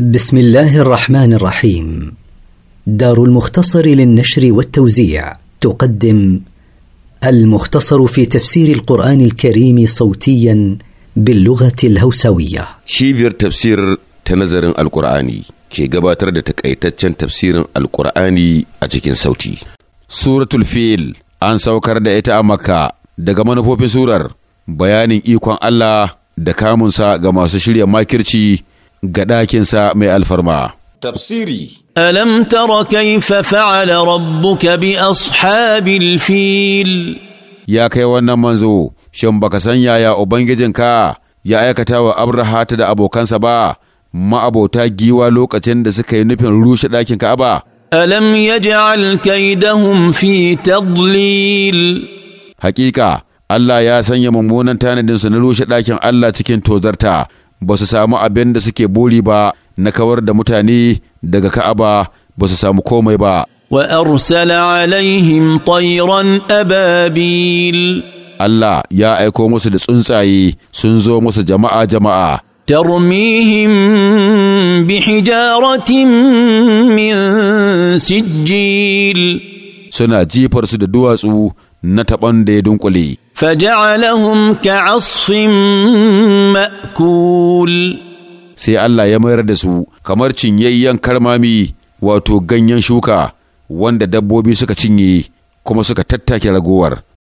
بسم الله الرحمن الرحيم دار المختصر للنشر والتوزيع تقدم المختصر في تفسير القرآن الكريم صوتيا باللغة الهوسوية شيفير تفسير تنظر القرآني كي قباتر تكأيتتشن تفسير القرآني أجيكين صوتي سورة الفيل أن سوكر دائتا أمكا دقمان فوبين سورر بيان إيقوان الله دكامنسا قماس شليا ماكرشي ga ɗakinsa mai alfarma. Tafsiri Alam tara kaifa fa'ala rabbuka bi ashabil fil Ya kai wannan manzo, shin baka san yaya Ubangijinka ya aikata wa Abrahata da abokansa ba, ma'abota giwa lokacin da suka yi nufin rushe ɗakin Ka'aba. Alam yaj'al kaidahum fi tadlil Hakika, Allah ya sanya mummunan tanadinsu na rushe ɗakin Allah cikin tozarta. ba su samu abin da suke buri ba na kawar da mutane daga ka'aba ba su samu komai ba wa arsala alaihim tayran ababil Allah ya aiko musu da tsuntsaye sun zo musu jama'a jama'a tarmihim bi hijaratin min sijjil suna jifar su da duwatsu na taɓon da ya dunkule. Faja'alahum ka'asfin ma'kul. Sai Allah ya mayar da su kamar cinyayyen karmami wato ganyen shuka wanda dabbobi suka cinye kuma suka tattake ragowar.